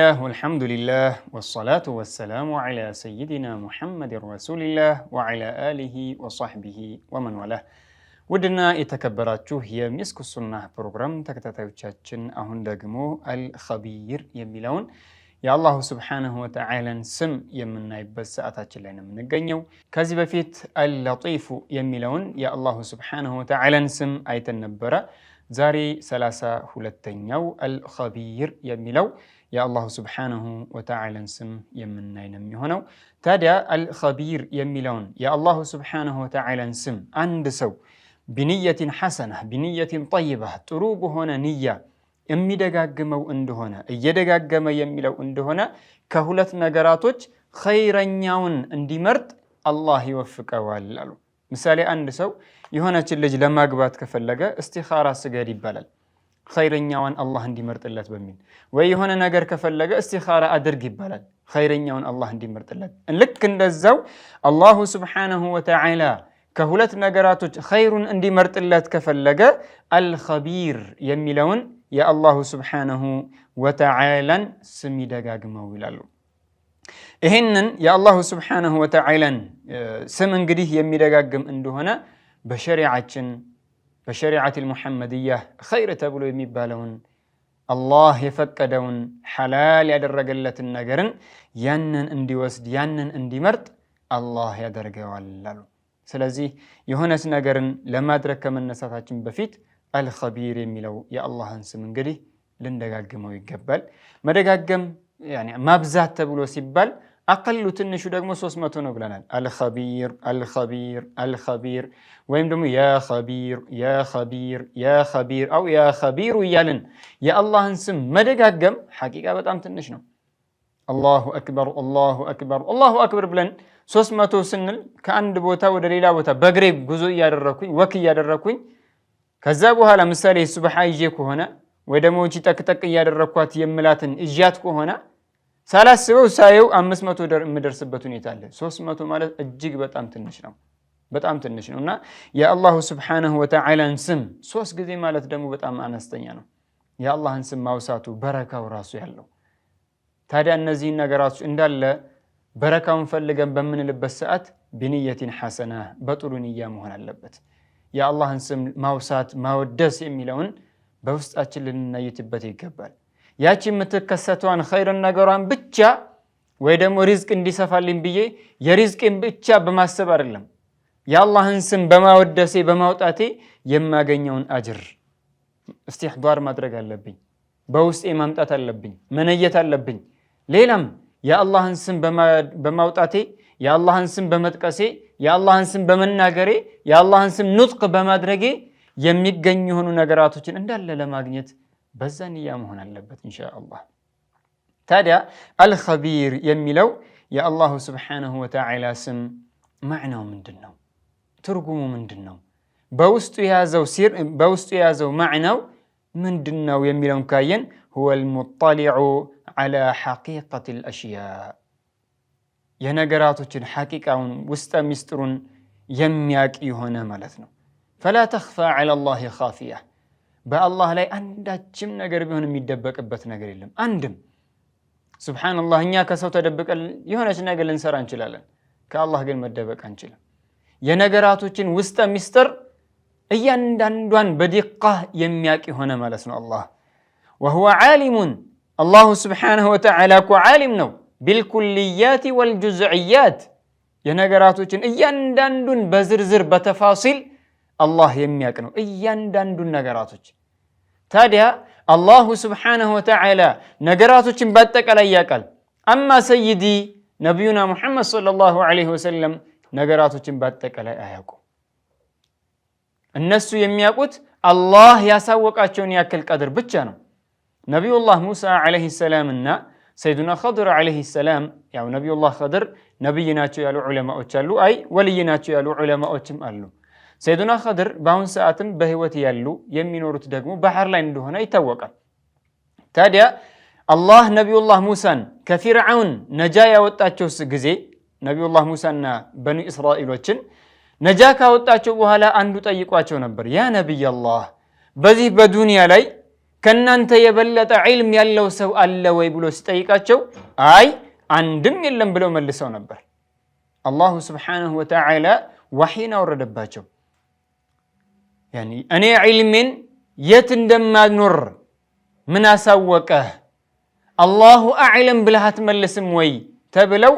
ቢስሚላህ ወልሐምዱሊላህ ወሰላቱ ወሰላሙ ዐላ ሰይዲና ሙሐመድ ረሱሊላህ ወዐላ አሊሂ ወሰሕቢሂ ወመንወላህ። ውድና የተከበራችሁ የሚስኩ ሱና ፕሮግራም ተከታታዮቻችን አሁን ደግሞ አልኸቢር የሚለውን የአላሁ ስብሓነሁ ወተዓላን ስም የምናይበት ሰዓታችን ላይ ነው የምንገኘው። ከዚህ በፊት አልለጢፉ የሚለውን የአላሁ ስብሓነሁ ወተዓላን ስም አይተን ነበረ። ዛሬ ሰላሳ ሁለተኛው አልኸቢር የሚለው የአላሁ ስብሓነሁ ወተዓላን ስም የምናይ ነው የሚሆነው። ታዲያ አልኸቢር የሚለውን የአላሁ ስብሓነሁ ወተዓላን ስም አንድ ሰው ቢንየትን ሐሰና ቢንየትን ጠይባ ጥሩ በሆነ ንያ የሚደጋግመው እንደሆነ እየደጋገመ የሚለው እንደሆነ ከሁለት ነገራቶች ኸይረኛውን እንዲመርጥ አላህ ይወፍቀዋል አሉ። ምሳሌ አንድ ሰው የሆነችን ልጅ ለማግባት ከፈለገ እስቲኻራ ስገድ ይባላል። ኸይረኛዋን አላህ እንዲመርጥለት በሚል ወይ የሆነ ነገር ከፈለገ እስቲኻራ አድርግ ይባላል። ኸይረኛውን አላህ እንዲመርጥለት ልክ እንደዛው አላሁ ስብሓነሁ ወተዓላ ከሁለት ነገራቶች ኸይሩን እንዲመርጥለት ከፈለገ አልኸቢር የሚለውን የአላሁ ስብሓነሁ ወተዓላን ስም ይደጋግመው ይላሉ። ይህንን የአላሁ ስብሓነሁ ወተዓላን ስም እንግዲህ የሚደጋግም እንደሆነ በሸሪዓችን በሸሪዓት ልሙሐመድያ ኸይር ተብሎ የሚባለውን አላህ የፈቀደውን ሐላል ያደረገለትን ነገርን ያንን እንዲወስድ ያንን እንዲመርጥ አላህ ያደርገዋል አሉ። ስለዚህ የሆነች ነገርን ለማድረግ ከመነሳታችን በፊት አልኸቢር የሚለው የአላህን ስም እንግዲህ ልንደጋግመው ይገባል። መደጋገም ማብዛት ተብሎ ሲባል አቀሉ ትንሹ ደግሞ ሶስት መቶ ነው ብለናል። አልኸቢር አልኸቢር አልኸቢር ወይም ደግሞ የኸቢር የኸቢር የኸቢር አው የኸቢሩ እያልን የአላህን ስም መደጋገም ሐቂቃ በጣም ትንሽ ነው። አላሁ አክበር አላሁ አክበር አላሁ አክበር ብለን ሶስት ስንል ከአንድ ቦታ ወደ ሌላ ቦታ በእግሬ ጉዞ እያደረኩኝ ወክ እያደረኩኝ ከዛ በኋላ ምሳሌ ሱብሓ ይዤ ከሆነ ወይ ደግሞ ጠቅጠቅ እያደረኳት የምላትን እዣት ከሆነ ሳላስበው ሳየው አምስት መቶ የምደርስበት ሁኔታ አለ። ሶስት መቶ ማለት እጅግ በጣም ትንሽ ነው፣ በጣም ትንሽ ነው እና የአላሁ ስብሓነሁ ወተዓላን ስም ሶስት ጊዜ ማለት ደግሞ በጣም አነስተኛ ነው። የአላህን ስም ማውሳቱ በረካው ራሱ ያለው ታዲያ እነዚህን ነገራቱ እንዳለ በረካውን ፈልገን በምንልበት ሰዓት ብንየቲን ሐሰና በጥሩ ንያ መሆን አለበት። የአላህን ስም ማውሳት ማወደስ የሚለውን በውስጣችን ልንነይትበት ይገባል። ያቺ የምትከሰቷን ኸይርን ነገሯን ብቻ ወይ ደግሞ ሪዝቅ እንዲሰፋልኝ ብዬ የሪዝቅን ብቻ በማሰብ አይደለም የአላህን ስም በማወደሴ በማውጣቴ የማገኘውን አጅር እስቲሕዷር ማድረግ አለብኝ። በውስጤ ማምጣት አለብኝ፣ መነየት አለብኝ። ሌላም የአላህን ስም በማውጣቴ የአላህን ስም በመጥቀሴ የአላህን ስም በመናገሬ የአላህን ስም ኑጥቅ በማድረጌ የሚገኙ የሆኑ ነገራቶችን እንዳለ ለማግኘት በዛ ንያ መሆን አለበት ኢንሻአላህ። ታዲያ አልኸቢር የሚለው የአላሁ ስብሓነሁ ወተዓላ ስም ማዕናው ምንድን ነው? ትርጉሙ ምንድን ነው? በውስጡ የያዘው ማዕናው ምንድን ነው የሚለውን ካየን ሁወል ሙጠሊዑ ዓላ ሐቂቀቲል አሽያእ የነገራቶችን ሐቂቃውን ውስጠ ሚስጥሩን የሚያቅ የሆነ ማለት ነው። ፈላ ተኽፋ ዓላ ላሂ ካፊያ በአላህ ላይ አንዳችም ነገር ቢሆን የሚደበቅበት ነገር የለም። አንድም ሱብሓነላህ። እኛ ከሰው ተደብቀን የሆነች ነገር ልንሰራ እንችላለን። ከአላህ ግን መደበቅ አንችልም። የነገራቶችን ውስጠ ሚስጥር እያንዳንዷን በዲቃ የሚያቅ የሆነ ማለት ነው አላህ። ወሁወ ዓሊሙን አላሁ ስብሓነሁ ወተዓላ እኮ ዓሊም ነው። ቢልኩልያት ወልጁዝዕያት የነገራቶችን እያንዳንዱን በዝርዝር በተፋሲል አላህ የሚያውቅ ነው እያንዳንዱን ነገራቶች። ታዲያ አላሁ ስብሓነሁ ወተዓላ ነገራቶችን በአጠቃላይ ያውቃል። አማ ሰይዲ ነቢዩና ሙሐመድ ሰለላሁ ዓለይሂ ወሰለም ነገራቶችን በአጠቃላይ አያውቁም። እነሱ የሚያውቁት አላህ ያሳወቃቸውን ያክል ቀድር ብቻ ነው። ነቢዩላህ ሙሳ ዓለይሂ ሰላም እና ሰይዱና ኸድር ዓለይሂ ሰላም ያው ነቢዩላህ ኸድር ነቢይ ናቸው ያሉ ዑለማዎች አሉ። አይ ወልይ ናቸው ያሉ ዑለማዎችም አሉ። ሰይዱና ኸድር በአሁን ሰዓትም በህይወት ያሉ የሚኖሩት ደግሞ ባህር ላይ እንደሆነ ይታወቃል። ታዲያ አላህ ነቢዩላህ ሙሳን ከፊርዓውን ነጃ ያወጣቸው ጊዜ ነቢዩላህ ሙሳና በኒ እስራኤሎችን ነጃ ካወጣቸው በኋላ አንዱ ጠይቋቸው ነበር። ያ ነቢይ በዚህ በዱንያ ላይ ከእናንተ የበለጠ ዒልም ያለው ሰው አለ ወይ ብሎ ሲጠይቃቸው አይ አንድም የለም ብለው መልሰው ነበር። አላሁ ስብሓነሁ ወተዓላ ዋሕይን አወረደባቸው። እኔ ዒልሜን የት እንደማኖር ምን አሳወቀህ? አላሁ አዕለም ብለህ አትመልስም ወይ ተብለው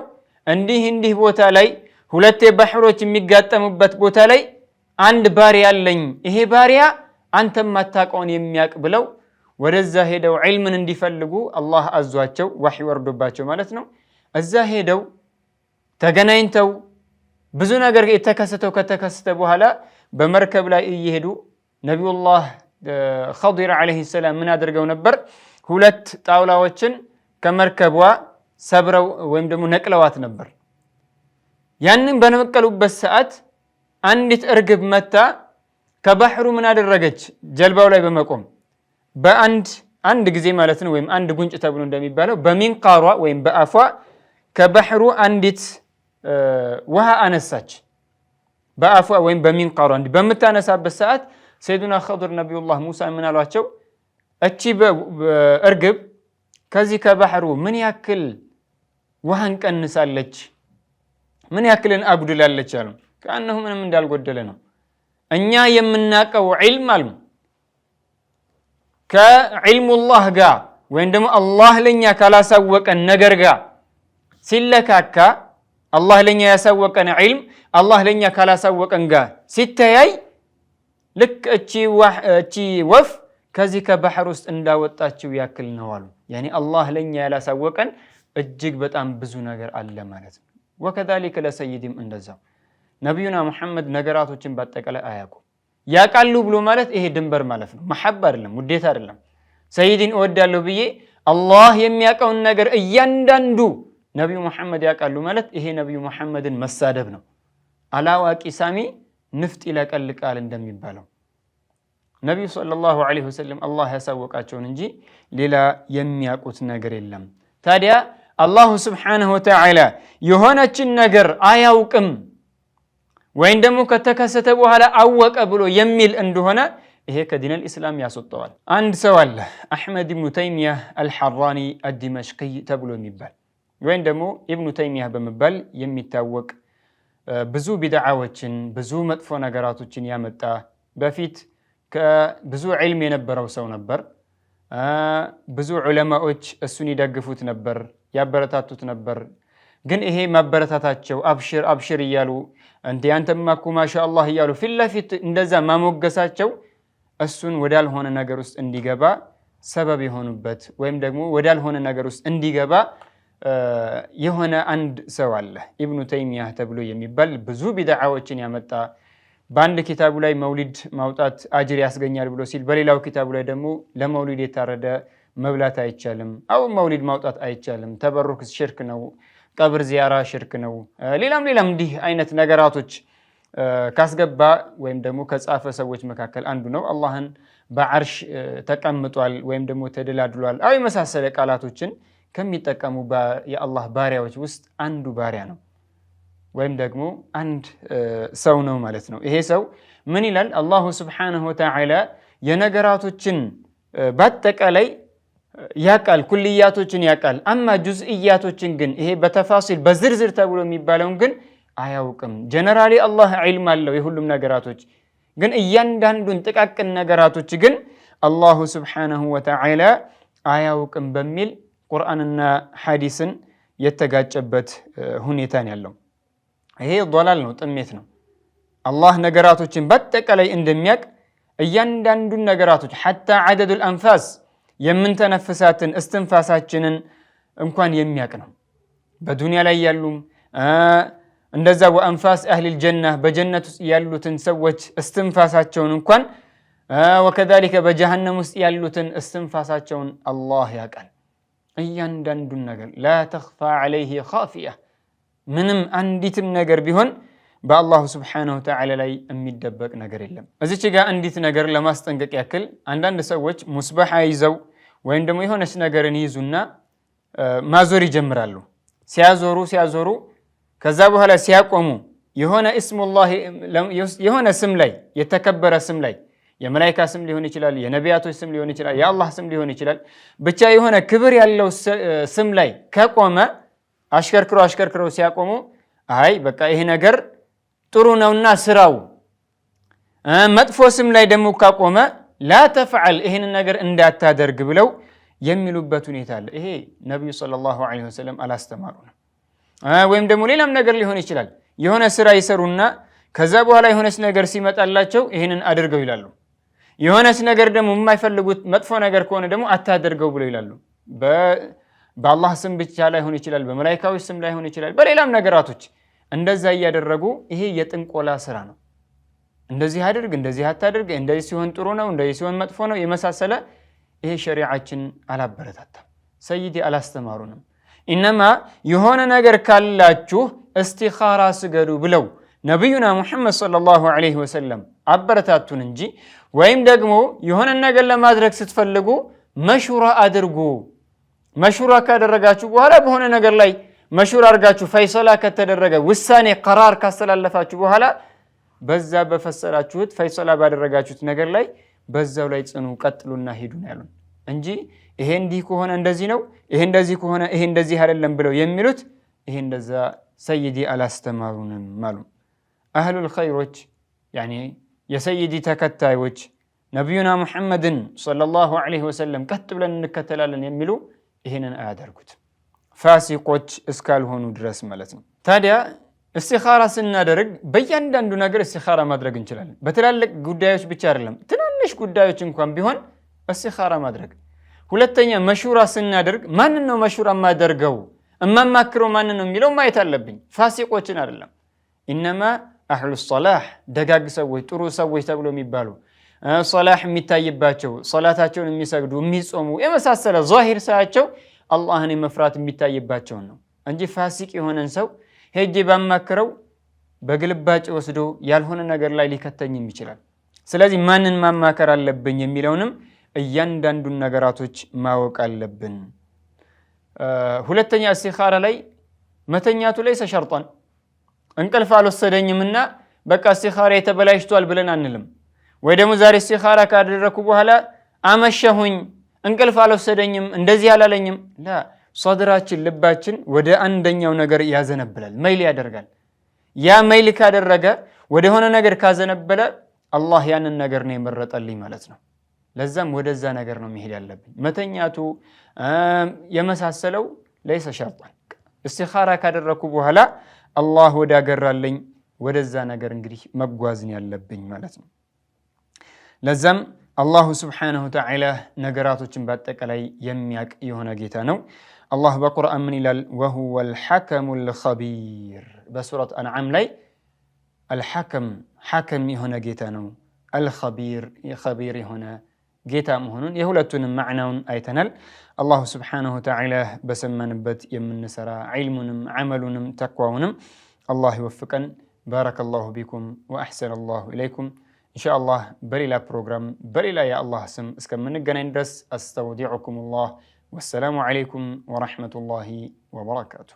እንዲህ እንዲህ ቦታ ላይ ሁለቴ ባሕሮች የሚጋጠሙበት ቦታ ላይ አንድ ባሪያ አለኝ፣ ይሄ ባሪያ አንተ ማታውቀውን የሚያውቅ ብለው ወደዛ ሄደው ዒልምን እንዲፈልጉ አላህ አዟቸው ዋሕይ ወርዶባቸው ማለት ነው። እዛ ሄደው ተገናኝተው ብዙ ነገር የተከሰተው ከተከሰተ በኋላ በመርከብ ላይ እየሄዱ ነቢዩላህ ኸዲር ዓለይሂ ሰላም ምን አድርገው ነበር? ሁለት ጣውላዎችን ከመርከቧ ሰብረው ወይም ደግሞ ነቅለዋት ነበር። ያንን በነቀሉበት ሰዓት አንዲት እርግብ መታ ከባህሩ ምን አደረገች? ጀልባው ላይ በመቆም በአንድ አንድ ጊዜ ማለት ነው፣ ወይም አንድ ጉንጭ ተብሎ እንደሚባለው በሚንቃሯ ወይም በአፏ ከባህሩ አንዲት ውሃ አነሳች። በአፏ ወይም በሚንቃሯ እንዲህ በምታነሳበት ሰዓት ሰይዱና ኸድር ነቢዩላህ ሙሳ ምን አሏቸው? እቺ እርግብ ከዚህ ከባህሩ ምን ያክል ውሃን ቀንሳለች? ምን ያክልን አጉድላለች? አሉ። ከአነሁ ምንም እንዳልጎደለ ነው። እኛ የምናቀው ዒልም አሉ ከዒልሙላህ ጋር ወይም ደግሞ አላህ ለእኛ ካላሳወቀን ነገር ጋር ሲለካካ አላህ ለእኛ ያሳወቀን ዒልም አላህ ለእኛ ካላሳወቀን ጋር ሲተያይ ልክ እቺ ወፍ ከዚህ ከባሕር ውስጥ እንዳወጣችው ያክል ነው አሉ። ያኔ አላህ ለእኛ ያላሳወቀን እጅግ በጣም ብዙ ነገር አለ ማለት ነው። ወከዛሊከ ለሰይድም እንደዛው ነቢዩና ሙሐመድ ነገራቶችን ባጠቃላይ አያውቁም። ያውቃሉ ብሎ ማለት ይሄ ድንበር ማለት ነው። መሐብ አይደለም፣ ውዴታ አይደለም። ሰይድን እወዳለሁ ብዬ አላህ የሚያውቀውን ነገር እያንዳንዱ ነቢዩ መሐመድ ያውቃሉ ማለት ይሄ ነቢዩ መሐመድን መሳደብ ነው። አላዋቂ ሳሚ ንፍጥ ይለቀልቃል እንደሚባለው ነቢዩ ሰለላሁ ዐለይሂ ወሰለም አላህ ያሳወቃቸውን እንጂ ሌላ የሚያውቁት ነገር የለም። ታዲያ አላሁ ስብሓነሁ ወተዓላ የሆነችን ነገር አያውቅም ወይም ደግሞ ከተከሰተ በኋላ አወቀ ብሎ የሚል እንደሆነ ይሄ ከዲነል ኢስላም ያስወጠዋል። አንድ ሰው አለ አሕመድ ብኑ ተይሚያ አልሐራኒ አዲመሽቅይ ተብሎ የሚባል ወይም ደግሞ ኢብኑ ተይሚያ በመባል የሚታወቅ ብዙ ቢድዓዎችን ብዙ መጥፎ ነገራቶችን ያመጣ በፊት ብዙ ዕልም የነበረው ሰው ነበር። ብዙ ዑለማዎች እሱን ይደግፉት ነበር፣ ያበረታቱት ነበር። ግን ይሄ ማበረታታቸው አብሽር አብሽር እያሉ እንዲ አንተማ እኮ ማሻ እያሉ ፊት ለፊት እንደዛ ማሞገሳቸው እሱን ወዳልሆነ ነገር ውስጥ እንዲገባ ሰበብ የሆኑበት ወይም ደግሞ ወዳልሆነ ነገር ውስጥ እንዲገባ የሆነ አንድ ሰው አለ ኢብኑ ተይሚያ ተብሎ የሚባል ብዙ ቢድዓዎችን ያመጣ በአንድ ኪታቡ ላይ መውሊድ ማውጣት አጅር ያስገኛል ብሎ ሲል በሌላው ኪታቡ ላይ ደግሞ ለመውሊድ የታረደ መብላት አይቻልም፣ አው መውሊድ ማውጣት አይቻልም፣ ተበሩክ ሽርክ ነው፣ ቀብር ዚያራ ሽርክ ነው፣ ሌላም ሌላም እንዲህ አይነት ነገራቶች ካስገባ ወይም ደግሞ ከጻፈ ሰዎች መካከል አንዱ ነው። አላህን በዓርሽ ተቀምጧል ወይም ደግሞ ተደላድሏል፣ አው የመሳሰለ ቃላቶችን ከሚጠቀሙ የአላህ ባሪያዎች ውስጥ አንዱ ባሪያ ነው ወይም ደግሞ አንድ ሰው ነው ማለት ነው። ይሄ ሰው ምን ይላል? አላሁ ስብሓነሁ ወተዓላ የነገራቶችን በአጠቃላይ ያቃል፣ ኩልያቶችን ያቃል። አማ ጁዝእያቶችን ግን ይሄ በተፋሲል በዝርዝር ተብሎ የሚባለውን ግን አያውቅም። ጀነራሊ አላህ ዒልም አለው የሁሉም ነገራቶች ግን እያንዳንዱን ጥቃቅን ነገራቶች ግን አላሁ ስብሓነሁ ወተዓላ አያውቅም በሚል ቁርአንና ሐዲስን የተጋጨበት ሁኔታን ያለው ይሄ ዶላል ነው፣ ጥሜት ነው። አላህ ነገራቶችን በአጠቃላይ እንደሚያውቅ እያንዳንዱን ነገራቶች ሐታ አደዱል አንፋስ የምንተነፍሳትን እስትንፋሳችንን እንኳን የሚያውቅ ነው። በዱንያ ላይ ያሉም እንደዛ ወአንፋስ አህሊል ጀና በጀነት ውስጥ ያሉትን ሰዎች እስትንፋሳቸውን እንኳን ወከዛሊከ በጀሃነም ውስጥ ያሉትን እስትንፋሳቸውን አላህ ያውቃል። እያንዳንዱን ነገር ላ ተኽፋ ዓለይህ ካፊያ ምንም አንዲትም ነገር ቢሆን በአላሁ ስብሓነሁ ተዓላ ላይ የሚደበቅ ነገር የለም። እዚች ጋር አንዲት ነገር ለማስጠንቀቅ ያክል አንዳንድ ሰዎች ሙስበሓ ይዘው ወይም ደግሞ የሆነች ነገርን ይዙና ማዞር ይጀምራሉ። ሲያዞሩ ሲያዞሩ ከዛ በኋላ ሲያቆሙ የሆነ ኢስሙላህ የሆነ ስም ላይ የተከበረ ስም ላይ የመላይካ ስም ሊሆን ይችላል፣ የነቢያቶች ስም ሊሆን ይችላል፣ የአላህ ስም ሊሆን ይችላል። ብቻ የሆነ ክብር ያለው ስም ላይ ከቆመ አሽከርክሮ አሽከርክሮ ሲያቆሙ አይ በቃ ይሄ ነገር ጥሩ ነውና ስራው። መጥፎ ስም ላይ ደግሞ ካቆመ ላ ተፍዐል ይህንን ነገር እንዳታደርግ ብለው የሚሉበት ሁኔታ አለ። ይሄ ነቢዩ ሰለላሁ ዐለይሂ ወሰለም አላስተማሩ ነው። ወይም ደግሞ ሌላም ነገር ሊሆን ይችላል። የሆነ ስራ ይሰሩና ከዛ በኋላ የሆነች ነገር ሲመጣላቸው ይህንን አድርገው ይላሉ። የሆነስ ነገር ደግሞ የማይፈልጉት መጥፎ ነገር ከሆነ ደግሞ አታደርገው ብሎ ይላሉ። በአላህ ስም ብቻ ላይሆን ይችላል፣ በመላይካዊ ስም ላይሆን ይችላል፣ በሌላም ነገራቶች እንደዛ እያደረጉ ይሄ የጥንቆላ ስራ ነው። እንደዚህ አድርግ፣ እንደዚህ አታድርግ፣ እንደዚህ ሲሆን ጥሩ ነው፣ እንደዚህ ሲሆን መጥፎ ነው የመሳሰለ ይሄ ሸሪዓችን አላበረታታም። ሰይዲ አላስተማሩንም። ኢነማ የሆነ ነገር ካላችሁ እስቲኻራ ስገዱ ብለው ነቢዩና ሙሐመድ ሰለላሁ ዐለይሂ ወሰለም አበረታቱን እንጂ ወይም ደግሞ የሆነን ነገር ለማድረግ ስትፈልጉ መሹራ አድርጉ። መሹራ ካደረጋችሁ በኋላ በሆነ ነገር ላይ መሹራ አድርጋችሁ ፈይሰላ ከተደረገ ውሳኔ ቀራር ካስተላለፋችሁ በኋላ በዛ በፈሰላችሁት ፈይሰላ ባደረጋችሁት ነገር ላይ በዛው ላይ ጽኑ፣ ቀጥሉና ሂዱን ያሉን እንጂ ይሄ እንዲህ ከሆነ እንደዚህ ነው፣ ይሄ እንደዚህ ከሆነ ይሄ እንደዚህ አይደለም ብለው የሚሉት ይሄ እንደዛ ሰይዲ አላስተማሩንም አሉ። አህሉል ኸይሮች ያኒ የሰይዲ ተከታዮች ነቢዩና ሙሐመድን ሰለላሁ ዐለይሂ ወሰለም ቀጥ ብለን እንከተላለን የሚሉ ይህንን አያደርጉት ፋሲቆች እስካልሆኑ ድረስ ማለት ነው። ታዲያ እስቲኻራ ስናደርግ በእያንዳንዱ ነገር እስቲኻራ ማድረግ እንችላለን። በትላልቅ ጉዳዮች ብቻ አይደለም፣ ትናንሽ ጉዳዮች እንኳን ቢሆን እስቲኻራ ማድረግ። ሁለተኛ መሹራ ስናደርግ ማንን ነው መሹራ የማደርገው እማማክረው ማንን ነው የሚለው ማየት አለብኝ፣ ፋሲቆችን አይደለም ኢነማ አህሉ ሶላህ ደጋግ ሰዎች፣ ጥሩ ሰዎች ተብሎ የሚባሉ ሶላህ የሚታይባቸው ሶላታቸውን የሚሰግዱ የሚጾሙ የመሳሰለ ዛሂር ሳያቸው አላህን መፍራት የሚታይባቸውን ነው እንጂ ፋሲቅ የሆነን ሰው ሄጄ ባማክረው በግልባጭ ወስዶ ያልሆነ ነገር ላይ ሊከተኝም ይችላል። ስለዚህ ማንን ማማከር አለብኝ የሚለውንም እያንዳንዱን ነገራቶች ማወቅ አለብን። ሁለተኛ እስቲኻራ ላይ መተኛቱ ላይ ሰሸርጧን እንቅልፍ አልወሰደኝምና በቃ እስቲኻራ የተበላሽቷል ብለን አንልም። ወይ ደግሞ ዛሬ እስቲኻራ ካደረግኩ በኋላ አመሸሁኝ እንቅልፍ አልወሰደኝም እንደዚህ አላለኝም። ላ ሶድራችን ልባችን ወደ አንደኛው ነገር ያዘነብላል፣ መይል ያደርጋል። ያ መይል ካደረገ ወደሆነ ነገር ካዘነበለ አላህ ያንን ነገር ነው የመረጠልኝ ማለት ነው። ለዛም ወደዛ ነገር ነው መሄድ ያለብኝ። መተኛቱ የመሳሰለው ለይሰ ሸርጣን እስቲኻራ ካደረግኩ በኋላ አላህ ወደ ወዳገራለኝ ወደዛ ነገር እንግዲህ መጓዝን ያለብኝ ማለት ነው። ለዛም አላሁ ስብሓነሁ ተዓላ ነገራቶችን በአጠቃላይ የሚያቅ የሆነ ጌታ ነው። አላህ በቁርአን ምን ይላል? ወሁወ አልሐከሙ ልኸቢር በሱረት አንዓም ላይ አልሐከም ሐከም የሆነ ጌታ ነው። አልኸቢር የኸቢር የሆነ ጌታ መሆኑን የሁለቱንም ማዕናውን አይተናል። አላሁ ስብሓነሁ ወተዓላ በሰማንበት የምንሰራ ዒልሙንም ዓመሉንም ተኳውንም አላህ ይወፍቀን። ባረከላሁ ቢኩም ወአሕሰነ አላሁ ኢለይኩም። ኢንሻአላህ በሌላ ፕሮግራም በሌላ የአላህ ስም እስከምንገናኝ ድረስ አስተውዲዑኩም ላህ። ወሰላሙ ዓለይኩም ወረሕመቱላሂ ወበረካቱ።